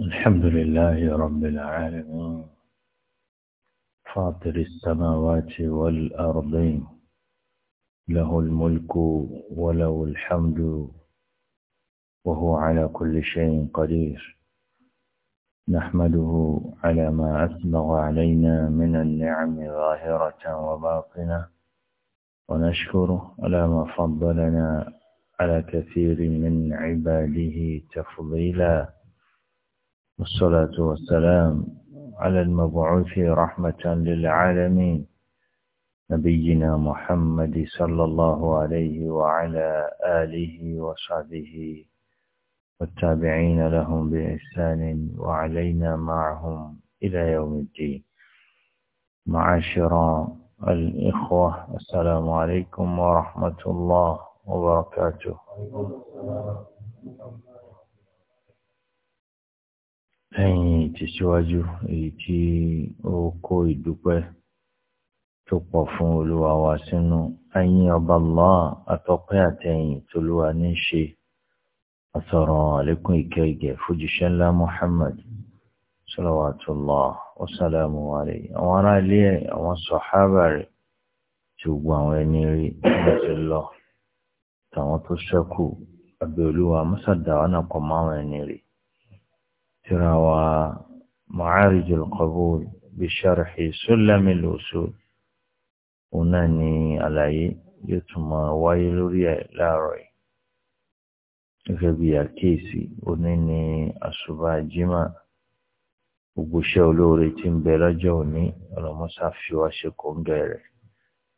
الحمد لله رب العالمين فاطر السماوات والأرضين له الملك وله الحمد وهو على كل شيء قدير نحمده على ما أسبغ علينا من النعم ظاهرة وباطنة ونشكره على ما فضلنا على كثير من عباده تفضيلا والصلاة والسلام على المبعوث رحمة للعالمين نبينا محمد صلى الله عليه وعلى آله وصحبه والتابعين لهم بإحسان وعلينا معهم إلى يوم الدين معاشر الإخوة السلام عليكم ورحمة الله وبركاته lẹ́yìn ìtẹ̀síwájú èyí tí ó kó ìdúpẹ́ tó pọ̀ fún olúwa wa sínú ẹ̀yìn ọba Allah àtọ́pẹ́ àtẹ̀yìn tolúwa ní ṣe àtọ̀rọ̀ àlékún ìkẹ́ ìgẹ̀ fújíṣẹ́ ńlá Muhammad salawatullah wa salamu alayhi àwọn ará ilé ẹ̀ àwọn sọ̀hábà rẹ̀ tí gbogbo àwọn ẹni rí wọ́n ti lọ tàwọn tó ṣẹ́kù àbí mọ́sàdáwà náà kọ́ máwọn ẹni rí. ترى ومعارج القبول بشرح سلم الوصول هنا علي يتم ويلوري لاروي gẹ́gẹ́ àkíyèsí òní ni àṣùbà jimá gbogbo iṣẹ́ olóore tí ń bẹ lọ́jọ́ òní ọlọ́mọ́sá fi wá ṣe kóńgẹ́ rẹ̀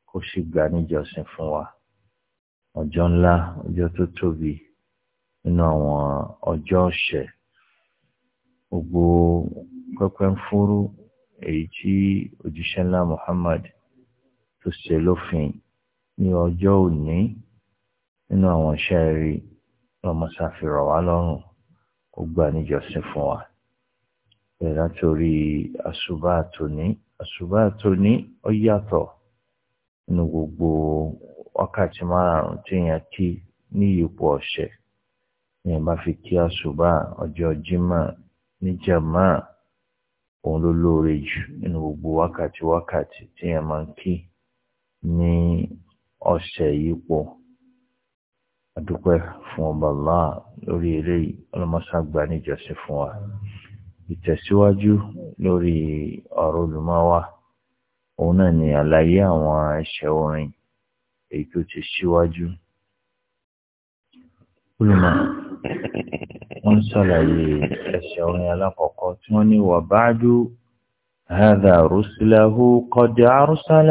kó sì gbà níjọsìn fún wa ọjọ́ ńlá ọjọ́ tó tóbi nínú àwọn ọjọ́ ọ̀sẹ̀ gbogbo pẹ́pẹ́ ń fúrú èyí tí òjíṣẹ́ ńlá Muhammad tó ṣe lófin ní ọjọ́ òní nínú àwọn iṣẹ́ rí lọ́mọsáfìrọ̀ wá lọ́rùn kó gbà níjọsìn fún wa. bẹ̀rẹ̀ látòrí àṣùbà àtòní àṣùbà àtòní ó yàtọ̀ nínú gbogbo wákàtí márùn-ún tí èèyàn kí ní ipò ọ̀sẹ̀ èèyàn bá fi kí àṣùbà ọjọ́ Jímọ̀ ní jàmá òun ló lóore jù nínú gbogbo wákàtí wákàtí tí yẹn máa ń kí ní ọ̀sẹ̀ yìí pọ̀ adúpẹ́ fún ọba Allah lórí eléyìí ọlọ́mọṣàgbà níjọsìn fún wa ìtẹ̀síwájú lórí ọ̀rọ̀ olùmọ́wá òun náà ni àlàyé àwọn ẹ̀ṣẹ̀ orin èyí tó ti síwájú. wọ́n ṣàlàyé ẹ̀ṣẹ̀ orin alákọ̀ọ́kọ́ tí wọ́n ní wà báájú هذا رسله قد أرسل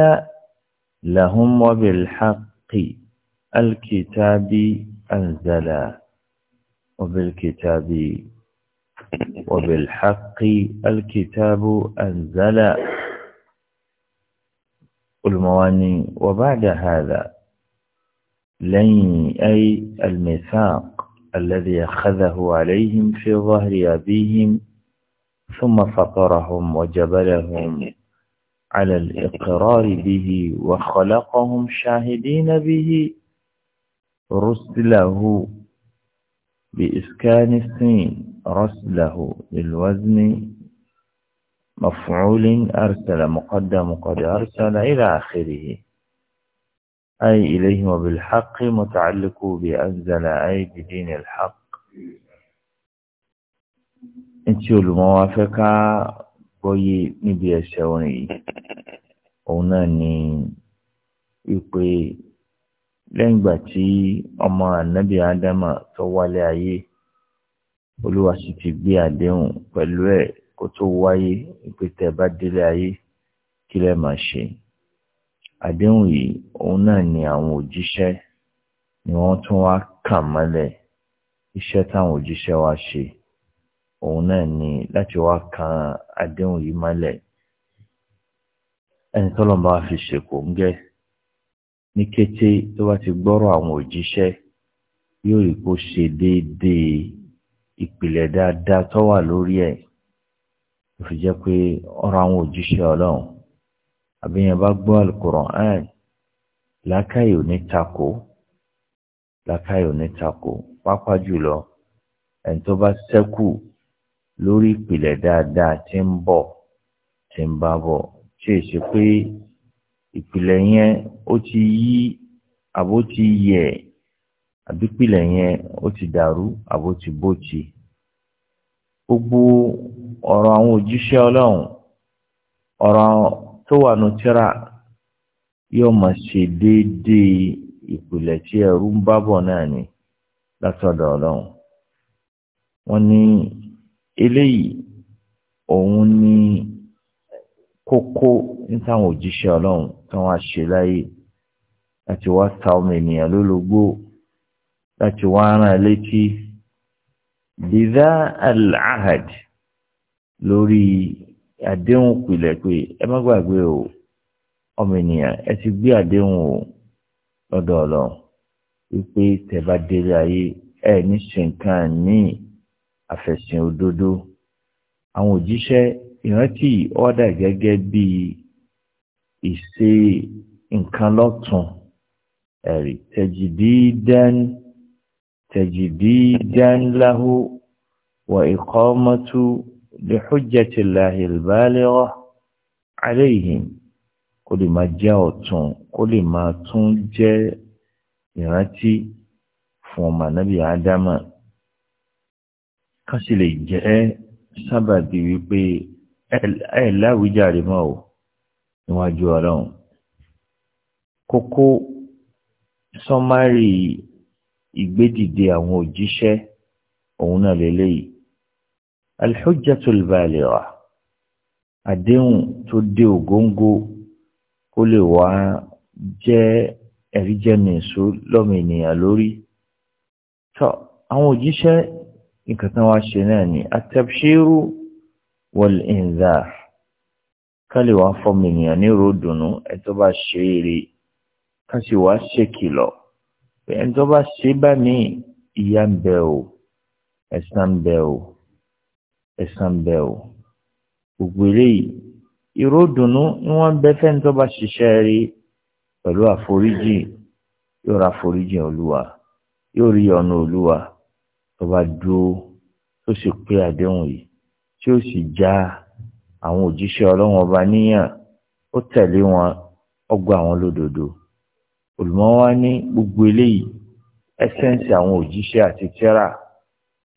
لهم وبالحق الكتاب أنزلا وبالكتاب وبالحق الكتاب أنزلا المواني وبعد هذا لن أي الميثاق الذي أخذه عليهم في ظهر أبيهم ثم فطرهم وجبلهم على الإقرار به وخلقهم شاهدين به رسله بإسكان السين رسله للوزن مفعول أرسل مقدم قد أرسل إلى آخره أي إليه وبالحق متعلق بأنزل أي بدين الحق ntí olùmọ̀wáfẹ́ká gbọ́yé níbi ẹ̀ṣẹ̀ orin yìí òun náà ni ìpè lẹ́yìn ìgbà tí ọmọ ànábì ádámà tó wálé ayé olúwa sì ti gbé àdéhùn pẹ̀lú ẹ̀ kó tó wáyé ìpè tẹ̀ bá délé ayé kí lẹ́ẹ̀ máa ṣe àdéhùn yìí òun náà ni àwọn òjíṣẹ́ ni wọ́n tún wá kà mọ́lẹ̀ iṣẹ́ táwọn òjíṣẹ́ wa ṣe òun náà ni láti wá kan àdéhùn yìí mọ́lẹ̀ ẹni tọ́lọ́ bá fi ṣèkò ń gẹ́ ní kété tó bá ti gbọ́rọ̀ àwọn òjíṣẹ́ yóò rí kó ṣe déédéé ìpìlẹ̀ dáadáa tó wà lórí ẹ̀ ó jẹ́ pé ọ̀rọ̀ àwọn òjíṣẹ́ ọlọ́run àbí yẹn bá gbọ́ alukur'an làákàyè ò ní takò làákàyè ò ní takò pápá jùlọ ẹni tó bá ṣẹ́kù lórí ìpìlẹ̀ dáadáa tí ń bọ̀ tí ń bá bọ̀ tí è ṣe pé ìpìlẹ̀ yẹn ó ti yí àbó ti yẹ̀ àbí ìpìlẹ̀ yẹn ó ti dàrú àbó ti bó ti. gbogbo ọ̀rọ̀ àwọn òjíṣẹ́ ọlọ́run ọ̀rọ̀ tó wà nù tíra yóò máa ṣe déédéé ìpìlẹ̀ tí ẹrú ń bábọ̀ náà ni látọ̀dọ̀ ọlọ́run wọ́n ní eléyìí òun ní kókó ní táwọn òjíṣẹ́ ọlọ́run táwọn àṣẹ láyé láti wá ta ọmọ ènìyàn lólobó láti wá rán létí bíza al lórí àdéhùn pilẹ̀ pé ẹ má gbàgbé o ọmọ ènìyàn ẹ ti gbé àdéhùn o lọ́dọ̀ ọlọ́run wípé tẹ́ bá délé ayé ẹ ní ṣe nǹkan ní àfẹ̀sìn òdodo àwọn òjíṣẹ́ ìrántí ọ̀dà gẹ́gẹ́ bí ìṣe nǹkan lọ́tún ẹ̀rí tẹ̀jìdídán tẹ̀jìdídán láhù wà ìkọ́mọ́tú. بحجة الله البالغة عليهم kó lè máa jẹ́ ọ̀tún kó lè máa tún jẹ́ ìrántí fún ọmọ ànábì ádámà ká sì lè jẹ́ sábàbí wípé ẹ láwíjàre mọ́ ò níwájú ọlọ́run kókó sọmárì ìgbédìde àwọn òjíṣẹ́ òun náà lélẹ́yìí alḥujjatul baligha àdéhùn tó dé ògóńgó kó lè wá jẹ́ ẹ̀rí jẹ́nu èso lọ́mọ ènìyàn lórí. tọ́ àwọn òjíṣẹ́ nǹkan tán wá ṣe náà ni at-tabshiru wal-inzar kálí wàá fọmọ ènìyàn ní ròdùnú ẹ tó bá ṣe eré ká sì wàá ṣèkìlọ̀ ẹ tó bá ṣe bá ní ìyà ń bẹ o ẹ̀san ń bẹ o ẹ̀san bẹ̀ o gbogbo eléyìí ìró dùnú ni wọ́n bẹ fẹ́ni tó bá ṣiṣẹ́ rí pẹ̀lú àforíjì yóò ra àforíjì olúwa yóò rí ọ̀nà olúwa tó bá dúró tó sì pé àdéhùn yìí tí ó sì já àwọn òjíṣẹ́ ọlọ́wọ́n ọba níyàn ó tẹ̀lé wọn ọgbà àwọn lódodo olùmọ́wá ní gbogbo eléyìí ẹsẹ̀ǹsì àwọn òjíṣẹ́ àti tẹ́ra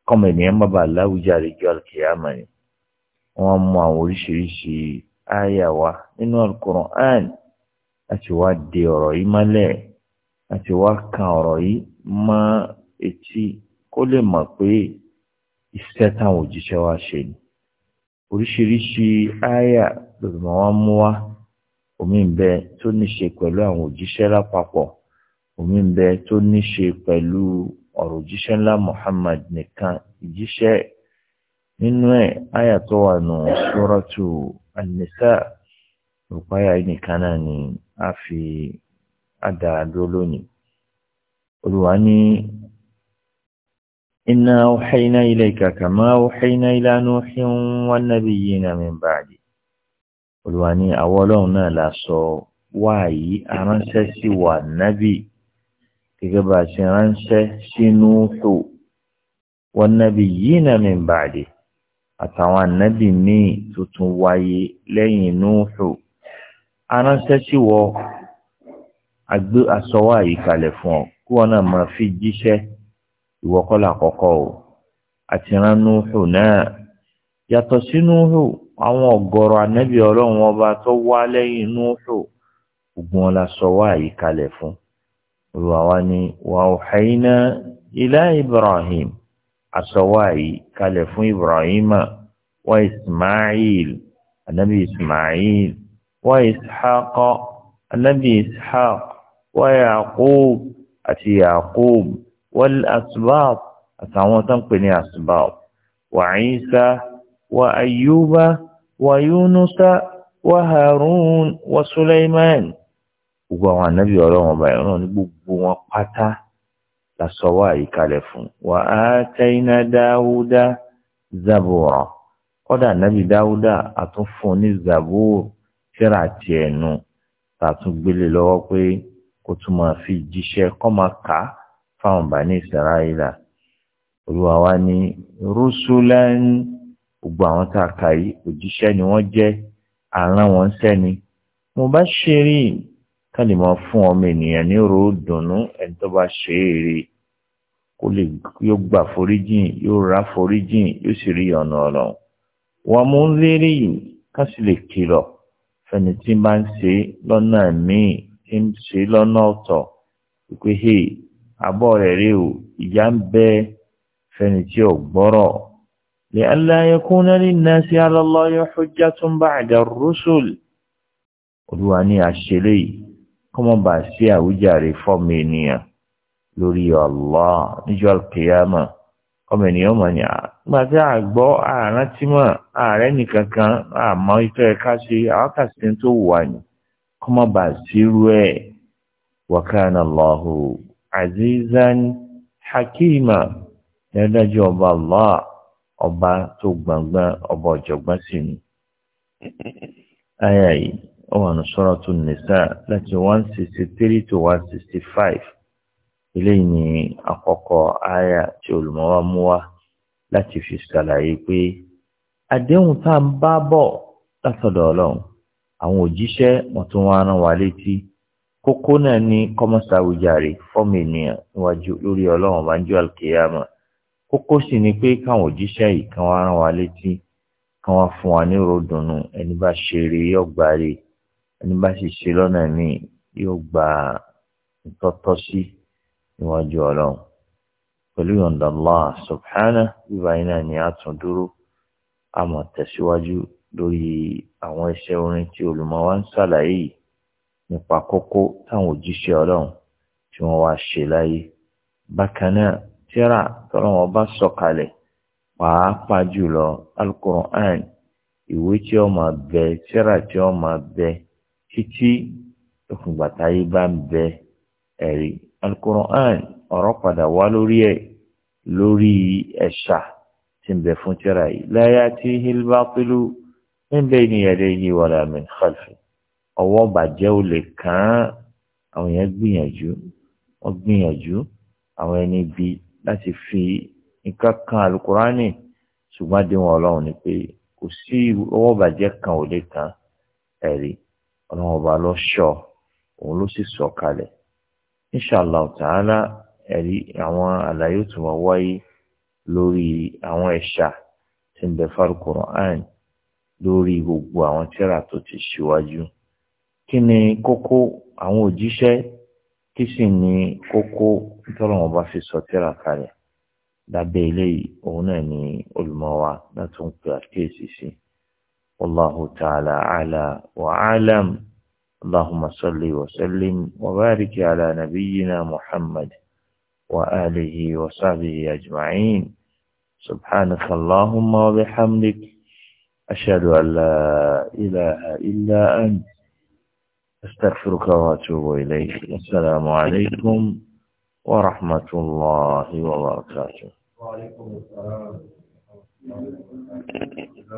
kọ́mọ ènìyàn má bàa láwùjọ àríjọ àlùkìyàmà ni wọ́n mú àwọn oríṣiríṣi àyà wa nínú alukur'an àti wá de ọ̀rọ̀ yìí mọ́lẹ̀ àti wá kan ọ̀rọ̀ yìí má etí kó lè mọ̀ pé iṣẹ́ táwọn òjíṣẹ́ wa ṣe ni oríṣiríṣi àyà lòdùmọ̀ wá mú wá omi ń tó ní ṣe pẹ̀lú àwọn òjíṣẹ́ lápapọ̀ omi ń tó ní ṣe pẹ̀lú ọ̀rọ̀ òjíṣẹ́ ńlá Muhammad nìkan ìjíṣẹ́ nínú ẹ̀ àyà tó wà nù suratu An-Nisa rúpáyà nìkan náà ni a fi àdáadó lónìí. Olúwa ní inna awhayna ilayka kama awhayna ila Nuhin wan nabiyyina min ba'di. Olúwa ní àwọn ọlọ́run náà la sọ wáyé aránṣẹ́ sí wa nábì gẹ́gẹ́ bá a ṣe ránṣẹ́ sínú tó wọn nábì yìí náà mi bàdé àtàwọn ànábì míì tuntun wáyé lẹ́yìn núhù aránṣẹ́ sí wọ agbé asọwọ́ àyíkalẹ̀ fún ọ kí wọn náà máa fi jíṣẹ́ ìwọ́kọ́lá àkọ́kọ́ o àti rán núhù náà yàtọ̀ sí núhù àwọn ọ̀gọ̀rọ̀ ànábì ọlọ́run ọba tó wá lẹ́yìn núhù gbogbo wọn la àyíkalẹ̀ fún un. ظواني وأوحينا إلى إبراهيم أسواي كلف إبراهيم وإسماعيل النبي إسماعيل وإسحاق النبي إسحاق ويعقوب أتي يعقوب والأسباط أتعوتم قني أسباط وعيسى وأيوب ويونس وهارون وسليمان gbogbo àwọn ànábì ọlọ́run ọba ìran ní gbogbo wọn pátá la sọ wá àyíkalẹ̀ fún wa á tẹ́yiná dáúdá zabura kọ́dà ànábì dáúdá àtúnfún ní zabur tíra tiẹ̀ nu tàtún gbélé lọ́wọ́ pé kó tún máa fi jíṣẹ́ kọ́ máa kà á fáwọn bàní ìsàráyìlà olúwa wa ní rúṣúlẹ́ń gbogbo àwọn tá a kà yìí òjíṣẹ́ ni wọ́n jẹ́ àrán wọn sẹ́ni mo bá ṣe rí i ká lè máa fún ọmọ ènìyàn ní ro dùnnú ẹni tó bá ṣe é rí kó lè yóò gbà foríjìn yóò ra foríjìn yóò sì rí ọ̀nà ọ̀rọ̀ wọn mú ń lérí yìí ká sì lè kìlọ̀ fẹni tí bá ń ṣe lọ́nà míì tí ń ṣe lọ́nà ọ̀tọ̀ wípé hey abọ́ rẹ̀ rí o ìyá ń bẹ fẹni tí ò gbọ́rọ̀ lè aláyẹkúnná ní nasi ala Allahi hujjatun ba'da ar-rusul olúwa ní àṣẹlẹ̀ yìí kọ́mọ̀ bá sí àwùjáre fọ́ọ̀mù ènìyàn lórí Allah níjọ́ alkiyama ọmọ ènìyàn mọ̀ ní àgbàdá àgbọ́ àrántímọ̀ ààrẹ nìkankan a ìtọ́ ẹ̀ka ṣe tó wà ní kọ́mọ̀ bá sírú ẹ̀ wa kana azizan hakima dájú ọba Allah ọba tó gbọ̀ngbọ̀n ọba sí ni. ọwọ́ àná suratu nisa láti one sixty three to one sixty five eléyìí ni àkọ́kọ́ àyà tí olùmọ́wá mú wá láti fi ṣàlàyé pé àdéhùn tá à ń bá bọ̀ látọ̀dọ̀ ọlọ́run àwọn òjíṣẹ́ wọn tún wá rán wa létí kókó náà ní kọ́mọ́sáwùjáre fọ́ọ̀mù ènìyàn níwájú lórí ọlọ́run bá ń kókó sì ni pé káwọn òjíṣẹ́ yìí kan wá rán wa létí kan wá fún wa ní ròdùnnú ẹni bá ṣe eré yọ̀gbáre ẹni bá sì ṣe lọ́nà míì yóò gba ìtọ́tọ́ sí níwájú ọlọ́run pẹ̀lú yọ̀ǹda Allah subhanahu bíbá iná ni a tún dúró a mọ̀ tẹ̀síwájú lórí àwọn iṣẹ́ orin tí olùmọ̀ wa ń ṣàlàyé yìí nípa kókó táwọn òjíṣẹ́ ọlọ́run tí wọ́n wá ṣe láyé bákan náà tíra tọ́lọ́wọ́n bá sọ̀kalẹ̀ pàápàá jùlọ alukur'an ìwé tí ó máa bẹ tíra tí ó máa bẹ títí òfìgbà táyé bá ń bẹ ẹ̀rí alukoran ọ̀rọ̀ padà wá lórí ẹ̀ lórí ẹ̀ṣà tí ń bẹ fún tíra yìí láyà tí hilba pẹ̀lú ń bẹ ènìyàn lè yí wàlà min khalfi ọwọ́ bàjẹ́ ò lè kàn án àwọn yẹn gbìyànjú wọ́n gbìyànjú àwọn ẹni bí láti fi nǹkan kan alukurani ṣùgbọ́n àdéhùn ọlọ́run ni pé kò sí ọwọ́ bàjẹ́ kan ò lè kàn ẹ̀rí ọlọ́run ọba ló ṣọ́ òun ló sì sọ kalẹ̀ inshàlá ta'ala ẹ̀rí àwọn àlàyé tó máa wáyé lórí àwọn ẹ̀ṣà tí ń bẹ fáru Qur'an lórí gbogbo àwọn tírà tó ti ṣíwájú kí ni kókó àwọn òjíṣẹ́ kí sì ni kókó tọ́lọ́run ọba fi sọ tírà kalẹ̀ lábẹ́ eléyìí òun náà ni olùmọ̀ wa láti ń pè àkíyèsí sí i. والله تعالى أعلى وأعلم اللهم صل وسلم وبارك على نبينا محمد وآله وصحبه أجمعين سبحانك اللهم وبحمدك أشهد أن لا إله إلا أنت أستغفرك وأتوب إليك السلام عليكم ورحمة الله وبركاته وعليكم السلام